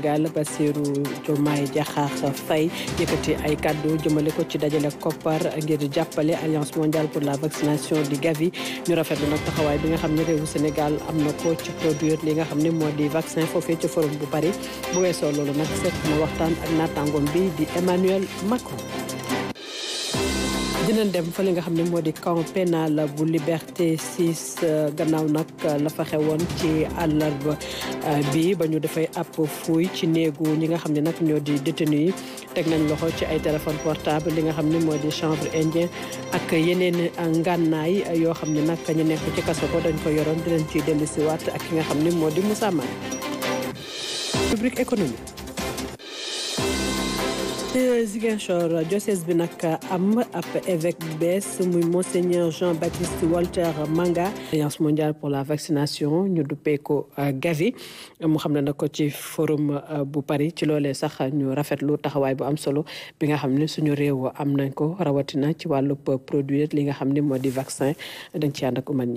Sénégal Bassirou Diomaye Diakhar Faye yëkkati ay kàddu jëmale ko ci dajale koppar ngir jappalé alliance mondiale pour la vaccination du Gavi ñu rafetlu nag taxaway bi nga xamné ne Sénégal amna ko ci produire li nga xamné ne di vaccin fofé ci forum bu Paris bu wéso lolu nak seet mu waxtaan ak naataangoom bi di Emmanuel Macron. dinañ dem fa li nga xam ne moo di camp pénal bu Liberté 6 euh, gannaaw nag la fa xewoon ci àllarba euh, bi ba ñu dafay àpp fuuy ci néegu ñi nga xam ne nag ñoo di détenu yi teg nañ loxo ci ay téléphone portable li nga xam ni moo di chanvre indien ak yeneen ngànnaay yoo xam ni nag ñu nekk ci kaso ko dañ ko yoroon dinañ ciy dellu siwaat ak ki nga xam ne moo di Moussa rubrique économie Ziguinchor diocèse bi nag am ab évêque bu bees muy monseigneur Jean-Baptiste Walter Manga alliance mondiale pour la vaccination ñu duppee ko euh, Gavi mu xam ne na ko ci forum euh, bu Paris ci loolee sax ñu rafetlu taxawaay bu am solo bi nga xam ne suñu réew am nañ ko rawatina ci wàllu produire li nga xam ni moo di vaccin dañ ci ànd ak uman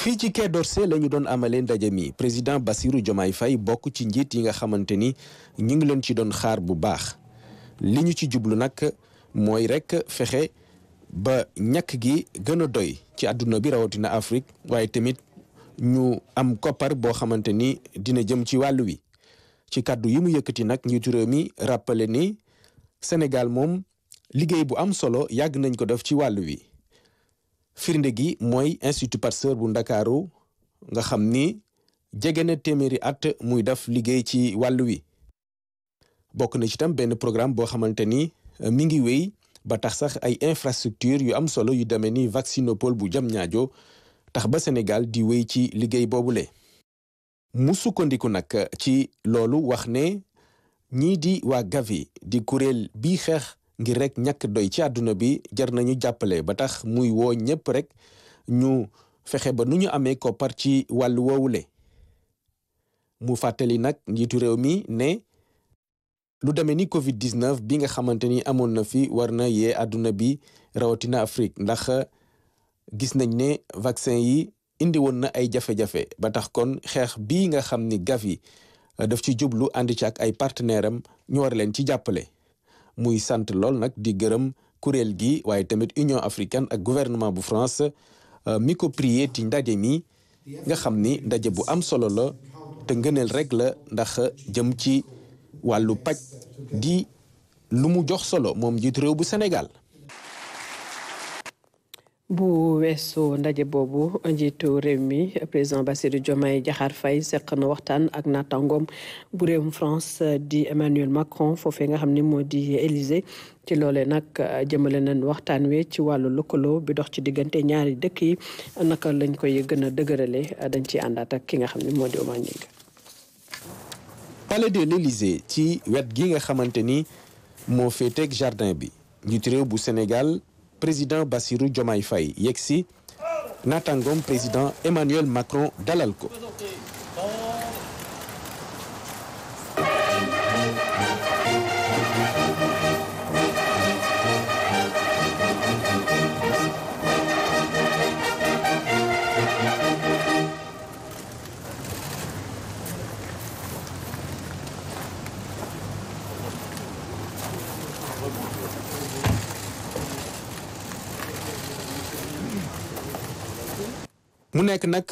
fii ci Quai lañu doon amalee ndaje mi président Bassirou Diomaye fay bokk ci njiit yi nga xamante ni ñu ngi leen ci doon xaar bu baax li ñu ci jublu nag mooy rek fexe ba ñàkk gi gën a doy ci àdduna bi rawatina Afrique waaye tamit ñu am koppar boo xamante ni dina jëm ci wàll wi ci kàddu yi mu yëkkati nag njiitu réew mi rappelé ni Sénégal moom liggéey bu am solo yàgg nañ ko def ci wàll wi firnde gi mooy institut Pasteur bu ndakaaru nga xam ni jege na téeméeri at muy def liggéey ci wàll wi bokk na ci tam benn programme boo xamante ni euh, mi ngi wéy ba tax sax ay infrastructure yu am solo yu demee ni vaccinopole bu jam ñaajo tax ba Sénégal di wéy ci liggéey boobule mu sukkandiku nag ci loolu wax ne ñii di waa Gavi di kuréel bi xeex ngir rek ñàkk doy ci àdduna bi jar nañu jàppale ba tax muy woo ñëpp rek ñu fexe ba nu ñu amee koppar ci wàllu woowule mu fàttali nag njiitu réew mi ne lu demee ni Covid 19 bi nga xamante ni amoon na fi war na yee àdduna bi rawatina Afrique ndax gis nañ ne vaccin yi indi woon na ay jafe-jafe ba tax kon xeex bi nga xam ni Gavi daf ci jublu ànd ci ak ay partenaire am ñu war leen ci jàppale. muy sant lool nag di gërëm kuréel gi waaye tamit Union africaine ak gouvernement bu France euh, mi ko prié ci ndaje mi nga xam ni ndaje bu am solo la te ngëneel rek la ndax jëm ci wàllu paj di lu mu jox solo moom jiitu réew bu Sénégal bu weesu ndaje boobu njiitu réew mi président Bassirou Diomaye Diakhar fay seq na waxtaan ak naataangoom bu réew réewum France di Emmanuel Macron foofee nga xam ni moo di Élysée ci loolee nag jëmale nañ waxtaan wi ci wàllu lëkkaloo bi dox ci diggante ñaari dëkk yi naka lañ koy gën a dëgërale dañ ciy àndaat ak ki nga xam ne moo di Oumar ci wet gi nga xamante ni moo féeteeg jardin bi njiitu réew bu Sénégal. président Bassirou Diomaye Faye Yeksi, Natangom, président Emmanuel Macron Dalalco. mu nekk nag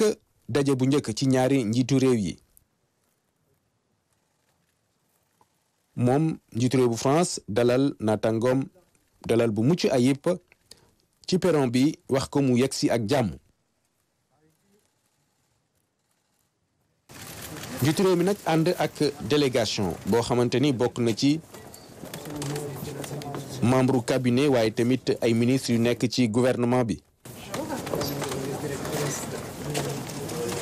daje bu njëkk ci ñaari njiitu réew yi moom njiitu réew bu France dalal naataangoom dalal bu mucc ayib ci perron bi wax ko mu yegsi ak jàmm. njiitu réew mi nag ànd ak délégation boo xamante ni bokk na ci membre cabinet waaye tamit ay ministres yu nekk ci gouvernement bi.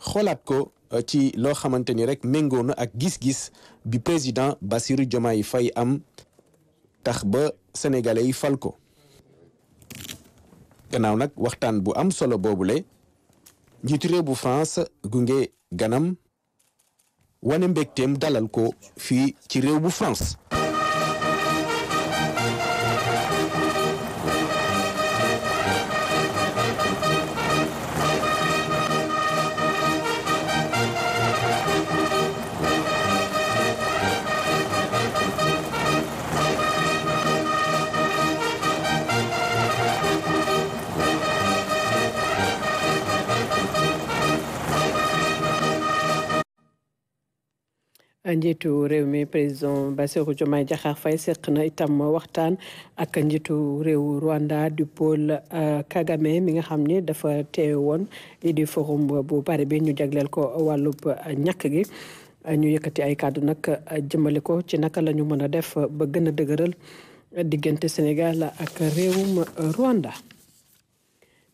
xoolaat ko euh, ci loo xamante ni rek méngoo na ak gis-gis bi président Bassirou Diomaye fay am tax ba sénégalais yi fal ko gannaaw nag waxtaan bu am solo boobule njiitu réew bu France gunge ganam wane mbégteem dalal ko fii ci réew bu France. njiitu réew mi président Bassirou Diomaye Diakhar fay seq na itam waxtaan ak njiitu réew Rwanda du Paul euh, Kagame mi nga xam ne dafa teewoon lii di forum bu bari bi ñu jagleel ko wàllub ñàkk gi ñu yëkkati ay kàddu nag jëmale ko ci naka la ñu mën a def ba gën a dëgëral diggante Sénégal ak réewum Rwanda.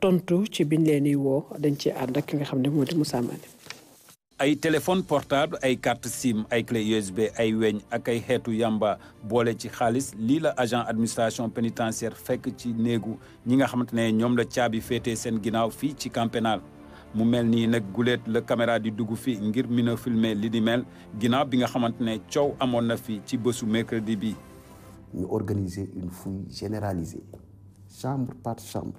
tontu ci biñ leen wo woo dañ ci ànd ak ki nga xam ne moo di Moussa Mané ay téléphone portable ay carte SIM ay clé USB ay weñ ak ay xeetu yamba boole ci xaalis lii la agent administration pénitentiaire fekk ci néegu ñi nga xamante ne ñoom la caabi féetee seen ginnaaw fii ci camp pénal mu mel nii nag guleet la caméra di dugg fi ngir mën a filmer li di mel ginnaaw bi nga xamante ne coow amoon na fi ci bésu mercredi bi ñu organiser une fouille généralisée chambre par chambre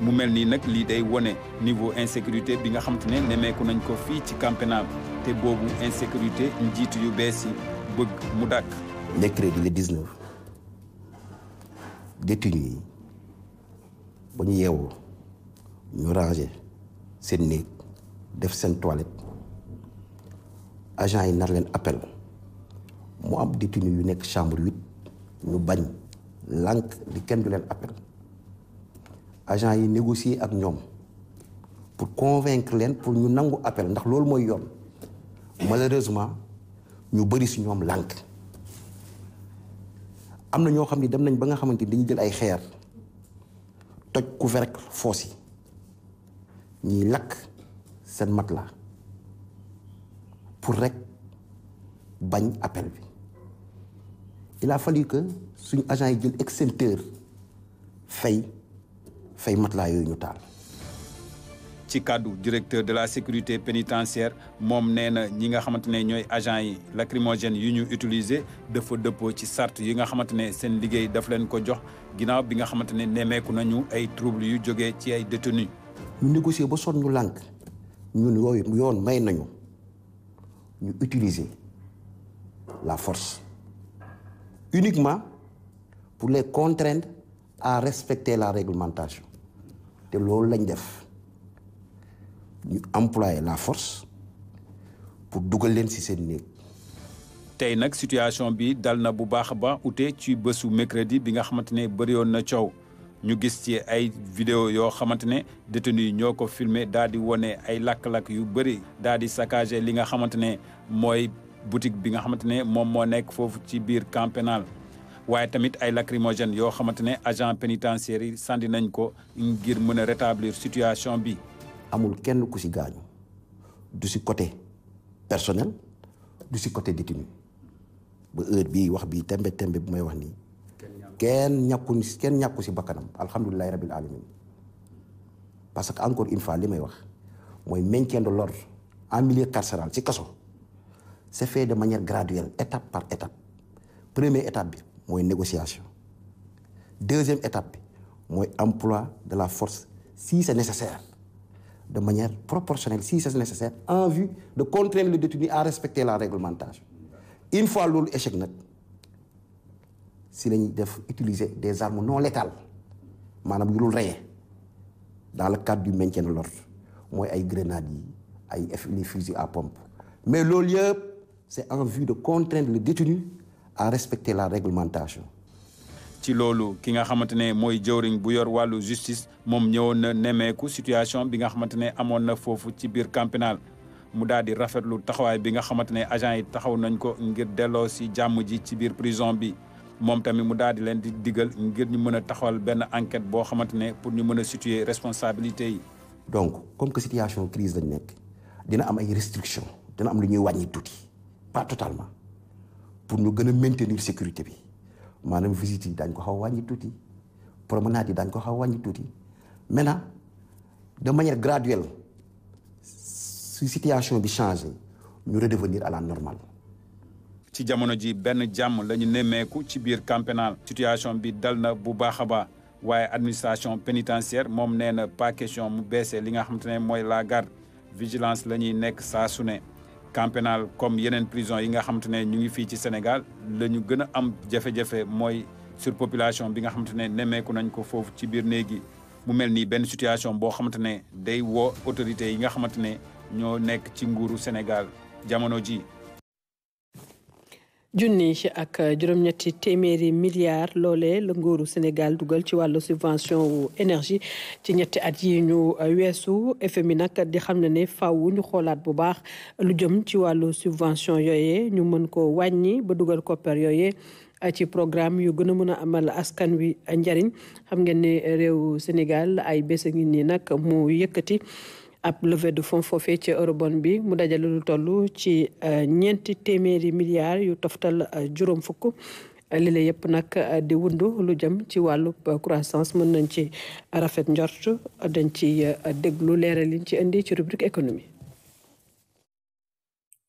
mu mel de wone niveau insécurité bi nga xam te ne nemeeku nañ ko insécurité décret le 19 détenu yi ba ñu yeewoo ñu ranger toilette agent yi nar leen appel mu détenu yu chambre 8 bañ agent yi négocier avec nous pour convaincre eux, pour ñu nangu appel ndax malheureusement ñu si ñom lank amna ño xamni dem nañ ba nga xamanteni jël ay toj couvercle fossi ñi pour rek appel il a fallu que suñu agent yi jël fay matelas yooyu ñu taal. ci cadre directeur de la sécurité pénitentiaire mom nee ñi nga xamantene ñoy ñooy agent yi lacrymogène yu ñu utiliser dafa dëppoo ci sart yi nga xamantene ne seen liggéey daf leen ko jox ginaaw bi nga xamantene ne nañu ay trouble yu joggé ci ay détenus ñu négocier ba sonn lank ñun yooyu yoon may nañu ñu utiliser la force uniquement pour les contraindre à respecter la réglementation te loolu lañ def ñu employer la force pour dugal leen ci seen néeg tey nag situation bi dal na bu baax ba ute ci bësu mercredi bi nga xamante ne bëriyoon na coow ñu gis ci ay vidéo yoo xamante ne détenu yi ñoo ko filmé daal di wone ay lakk-lakk yu bëri daal di saccagé li nga xamante ne mooy boutique bi nga xamante ne moom moo nekk foofu ci biir camp waaye tamit ay lacrymogènes yoo xamante ne agent pénitentiaire yi sandi nañ ko ngir mën a rétablir situation bi. amul kenn ku si gaañu du si côté personnel du si côté détenu ba heure bii wax bii tembe tembe bu may wax nii. kenn ñàkku kenn ñàkku ci bakkanam alhamdulilahi rabil alamin parce que encore une fois li may wax mooy maintien de l'ordre en milieu carcéral ci kaso c'est fait de manière graduelle étape par étape premier étape bi une négociation deuxième étape moy emploi de la force si c'est nécessaire de manière proportionnelle si c'est nécessaire en vue de contraindre le détenu à respecter la réglementation une fois loolu échec si l'on utilise utiliser des armes non létales manam yulul dans le cadre du maintien de l'ordre moy ay grenades fusils à pompe mais le lieu, c'est en vue de contraindre le détenu à respecter la réglementation. ci lolu ki nga xamante moy jeuring bu yor walu justice mom ñewon na situation bi nga xamante ne amoon na foofu ci bir camp mu daal rafetlu taxaway bi nga xamante agent yi taxaw nañ ko ngir delloo ci jamm ji ci bir prison bi mom tamit mu daal len di digal ngir ñu mëna taxawal ben enquête bo xamante pour ñu mëna situer responsabilité yi. donc comme que situation crise lañ nek dina am ay restrictions dina am lu ñuy wañi tuuti pas totalement pour nous gën a maintenir sécurité bi maanaam visite yi daañ ko xaw a promenade yi ko maintenant de manière graduelle la situation bi changé ñu redevenir à la normale. ci jamono ji benn jàmm la ñu nemmeeku ci biir camp situation bi dal na bu baax a baax waaye administration pénitentiaire moom nee na pas question mu baissé li nga xamante ne mooy la garde vigilance la ñuy nekk saa su ne. camp pénal yeneen prison yi nga xamante ne ñu ngi fii ci Sénégal la ñu gën a am jafe-jafe mooy population bi nga xamante ne nemmeeku nañ ko foofu ci biir néeg mu mel nii benn situation boo xamante ne day woo autorités yi nga xamante ne ñoo nekk ci nguuru Sénégal jamono ji junni ak juróom-ñetti téeméeri milliards loolee la nguuru Sénégal dugal ci wàllu subvention wu énergie ci ñetti at yi ñu weesu FMI nag di xam ne ne faaw ñu xoolaat bu baax lu jëm ci wàllu subvention yooye ñu mën ko wàññi ba dugal koppar yooyee ci programme yu gën a mën a amal askan wi njariñ xam ngeen ne réew Sénégal ay bés a ngi nii nag mu yëkkati. ab levée de fonds foofee ci eurobond bi mu dajale lu toll ci euh, ñeenti téeméeri milliards yu toftal euh, juróom fukk li la yëpp nag euh, di wundu lu jëm ci wàllu croissance mën nañ ci rafet njort dañ ci déglu leeral liñ ci indi ci rubrique économie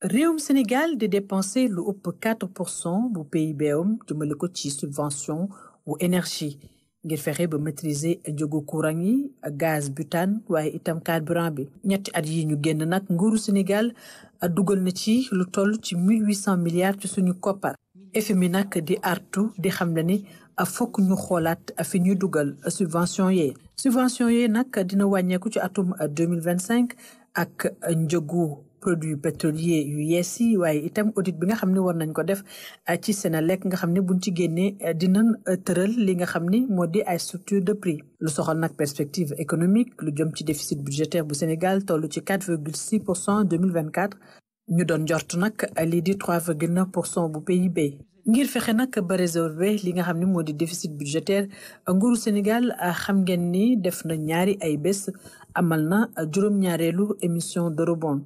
réewum Sénégal di dépenser lu ëpp bu PIB-am jëmale ko ci subvention wu énergie ngir fexe ba maîtriser jógu courant yi gaz butane waaye itam carburant bi ñetti at yi ñu génn nag nguuru Sénégal dugal na ci lu toll ci mille huit cent milliards ci suñu koppar FMI nag di artu di xam ne ni fokk ñu xoolaat fi ñuy dugal subvention yee subvention yee nag dina wàññeeku ci atum 2025 ak njëgu produit pétrolier yu yees yi waaye itam audit bi nga xam ne war nañ ko def euh, ci Senelec nga xam ne buñ ci génnee euh, dinañ euh, tëral li nga xam ni moo di ay structure de prix lu soxal nag perspective économique lu jëm ci déficit budgétaire bu Sénégal toll ci 4,6 pour cent 2024 ñu doon jort nag lii di 3,9 pour cent bu PIB ngir fexe nag ba résorber li nga xam ne moo di déficit budgétaire nguuru Sénégal xam ngeen ni def na ñaari ay bés amal na juróom-ñaareelu émission rebond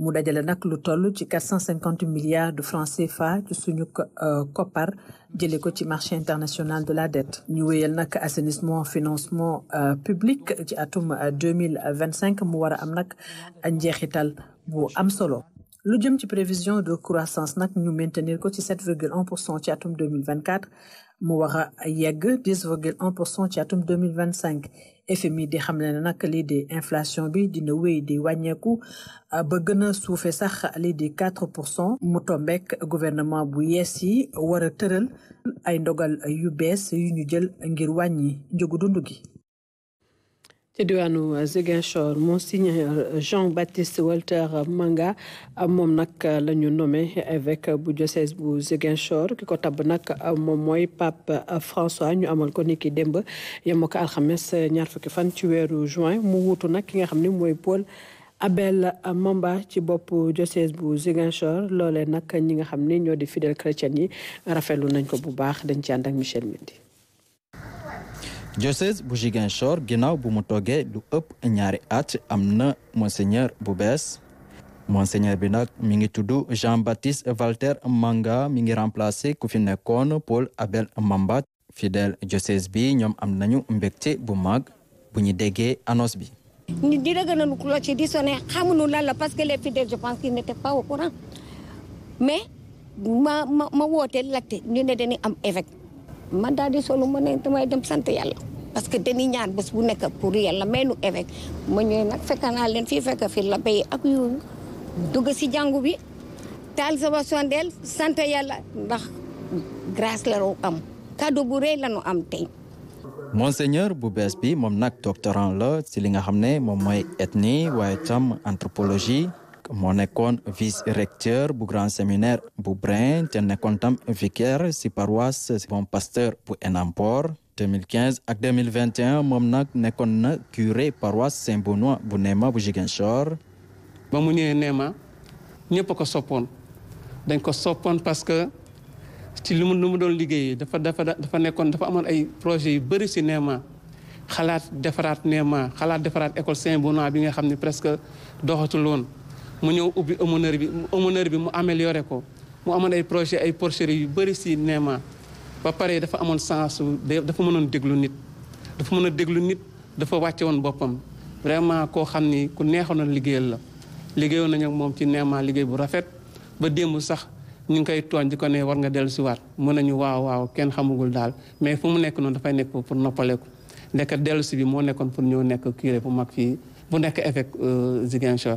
mu dajale nak lu tollu de 450 milliards de francs CFA ci suñu copar euh, jëlé ko ci marché international de la dette ñu avons nak assainissement financement euh, public ci atum 2025 euh, mu wara am nak njéxital bu am solo lu jëm prévision de croissance nak ñu maintenir ko 7,1% ci 2024 mu war a yegg 10 virgule 1 pour cent ci atum 2025 FMI di xam ne nag lii di inflation bi dina wéy di wàññeeku ba gën a suufee sax li di quatre pour cent mu tombeek gouvernement bu yees yi war a tëral ay ndogal yu bees yu ñu jël ngir wàññi njëgu dund gi ci Zegenchor, Monseigneur Jean-Baptiste Walter Manga à mon nak nommé avec bu diocèse bu Pape François ñu connu ko niki et ñaar fan ci juin mu Paul Abel Mamba ci le diocèse bu Ziguinchor lolé nak ñi nga xamné ñoo di chrétiens yi Michel Mendy Joseph bu Ziguinchor ginnaaw bu mu toogee lu ëpp ñaari at am na monseigneur bu monseigneur bi nag mi ngi tudd Jean Baptiste Walter Manga mi ngi remplacé ku fi nekkoon Paul Abel Mambat fidèle Joseph bi ñoom am nañu mbégte bu mag bu ñu déggee annonce bi. ñu dégg nañu ku la ci di xamuñu lan la parce que les fidèles je pense qu'ils n'étaient pas au courant mais ma ma ma wootee laajte ñu ne dañuy am évêque. man daal di solu ma ne damay dem sant yàlla parce que dañuy ñaan bés bu nekk pour yàlla may nu évêque ma ñëw nag fekk naa leen fii fekk fi la béy ak yooyu dugg si jàngu bi taal sama sondeel sant yàlla ndax grâce la ñu am cadeau bu rëy la nu am tey. monseigneur bu bees bi moom nag doctorant la si li nga xam ne moom mooy ethnie waaye tam anthropologie. moo nekkoon vice recteur bu grand séminaire bu Brin te nekkoon tam vicaire si paroisse bon pasteur bu Enampor 2015 ak 2021 moom nag nekkoon na curé paroisse Saint Benoît bu Néma bu Ziguinchor. ba mu ñëwee Néma ñëpp ko soppoon dañ ko soppoon parce que ci lu mu lu mu doon liggéeyee dafa dafa dafa nekkoon dafa amoon ay projets yu bëri si Néma. xalaat defaraat Néma xalaat defaraat école Saint Benoît bi nga xam ne presque doxatul woon mu ñëw ubbi aumônerie bi aumônerie bi mu amélioré ko mu amoon ay projet ay porcheries yu bëri si Néma ba pare dafa amoon sens dafa mënoon déglu nit dafa mën a déglu nit dafa wàcce woon boppam vraiment koo xam ni ku neexoon liggéeyal la liggéeyoon nañu moom ci Néma liggéey bu rafet ba démb sax ñu ngi koy ton di ko ne war nga dellu si waat mën nañu waaw waaw kenn xamugul daal mais fu mu nekk noonu dafay nekk pour noppaleku ndekk dellu si bi moo nekkoon pour ñëw nekk curé bu mag fii bu nekk évêque euh, Ziguinchor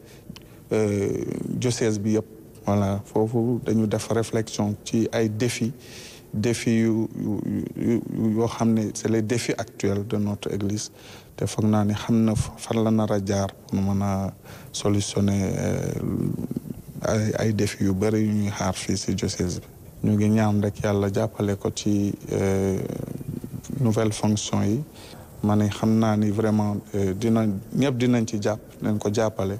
Euh, diocèse bi yëpp voilà foofu dañu def réflexion ci ay défis défis yu yu yoo xam ne c'est les défis actuels de notre église te foog naa ne xam na fan la nar a jaar pour mën a solutionner euh, ay ay défis yu bëri yu ñuy xaar fii si diocèse bi. ñu ngi ñaan rek yàlla jàppale ko ci euh, nouvelle fonction yi ma ne xam naa ni vraiment dina ñëpp dinañ ci jàpp nañ ko jàppale.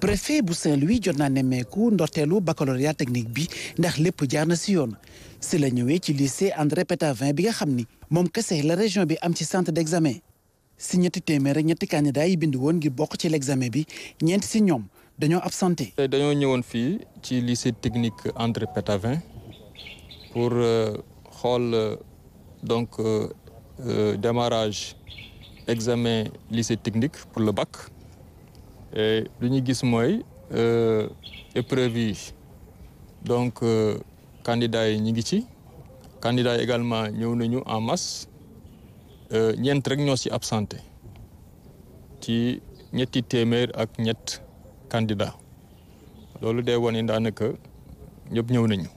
préfet bu Saint-Louis jot naa ndortelu baccalauréat technique bi ndax lépp jaar na si yoon si la ñëwé ci lycée André Pétavin bi nga xamni mom moom la région bi am ci centre d'examen si ñetti témé rek ñetti candidat yi bindu won ngir bok ci l'examen bi ñent si ñom dañoo absenté. Euh, dañoo ñëwoon fi ci lycée technique André Pétavin pour euh, xol euh, donc démarrage examen lycée technique pour le bac lu ñu gis mooy est euh, prévu. donc euh, candidats yi ñu ngi ci candidats également ñëw nañu en masse euh, ñeent rek ñoo ci absenté ci ñetti téeméer ak ñett candidat loolu day wane daanaka ñëpp ñëw nañu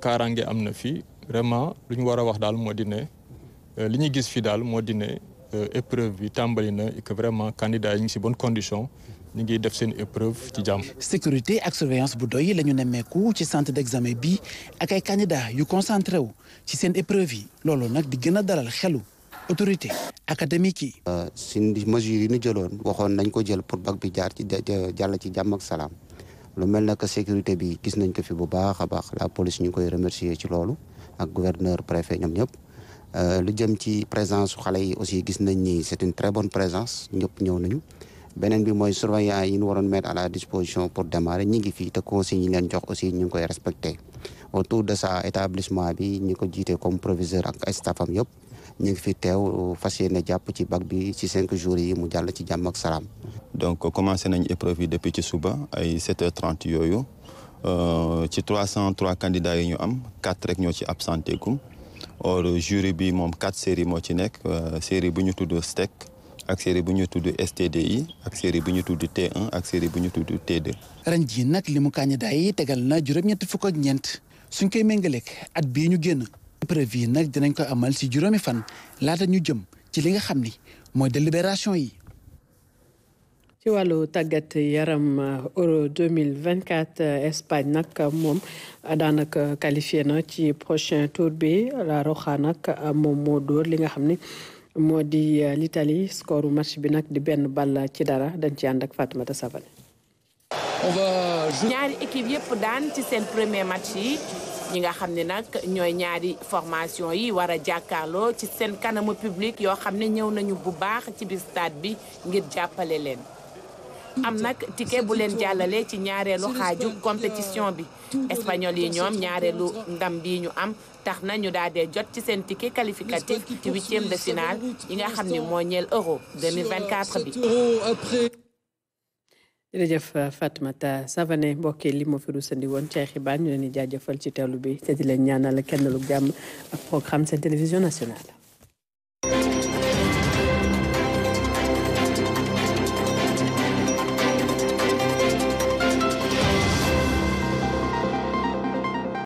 kaaraange am na fi vraiment lu ñu war a wax daal moo di ne li ñu gis fi daal moo di ne que euh, épreuve bi tàmbali na et que vraiment candidat yi ngi si bonne condition ñu ngi def seen épreuve ci jàmm. sécurité ak surveillance bu doy la ñu nemmeeku ci centre d'examen bi ak ay candidats yu concentré wu ci seen épreuve yi loolu nak di gëna dalal xelu autorité académique yi. Euh, suñ mesures yi ñu jëloon waxoon nañ ko jël pour bac bi jaar ci jàll ci jàmm ak salaam lu mel nak sécurité bi gis nañ ko fi bu baax a baax la police ñu koy remercier ci loolu ak gouverneur préfet ñom ñëpp. Euh, lu jëm ci présence xalé yi aussi gis nañ ni c'est une très bonne présence ñëpp ñew nañu benen bi moy surveillant yi ñu waroon mettre à la disposition pour démarrer ñi ngi fi te consigne yi jox aussi ñu ngi koy respecter autour de ça établissement bi ñi ko jiite comme proviseur ak staffam yëpp ñi ngi fi téw fas japp ci bac bi ci 5 jours yi mu jall ci jamm ak salam donc commencé nañ épreuve yi depuis ci suba ay 7h30 yooyu euh, ci 303 candidats yi ñu am 4 rek ñoo ci absenté kum or euh, jury bi moom quatre séries moo ci nekk euh, série bu ñu tudd steck ak série bu ñu tudd STDI ak série bu ñu tudd T1 ak série bu ñu tudd T2. jii nag li mu candidat yi tegal na juróom-ñetti fukk ak ñeent suñ koy méngaleeg at bii ñu génn. épreuve nag dinañ ko amal si juróomi fan laata ñu jëm ci li nga xam ni mooy délibération yi. ci wàllu tàggat yaram euh, euro 2024 euh, Espagne nag moom euh, daanaka qualifié na ci prochain tour bi La Roja nag moom moo dóor li nga xam ni moo di l'Italie score match bi nag di benn bal ci dara dañ ci ànd ak Fatoumata Savané ñaari équipe yëpp daan ci seen premier match yi ñi nga xam ni nag ñooy ñaari formation yi war a jàkkaarloo ci seen kanamu public yoo xam ne ñëw nañu bu baax ci biir stade bi ngir jàppale leen am nag tike bu leen jàllale ci ñaareelu xaaju compétition bi espagnol yi ñoom ñaareelu ndam bi ñu am tax na ñu daal dee jot ci seen ticket qualificatif ci huitième de finale yi nga xam ni moo ñeel euro 2024 bi. jërëjëf Fatoumata Savané mbokk li moo fi rusandi woon ci ay xibaar ñu leen di jaajëfal ci teewlu bi te di leen kenn lu jàmm ak programme seen télévision nationale.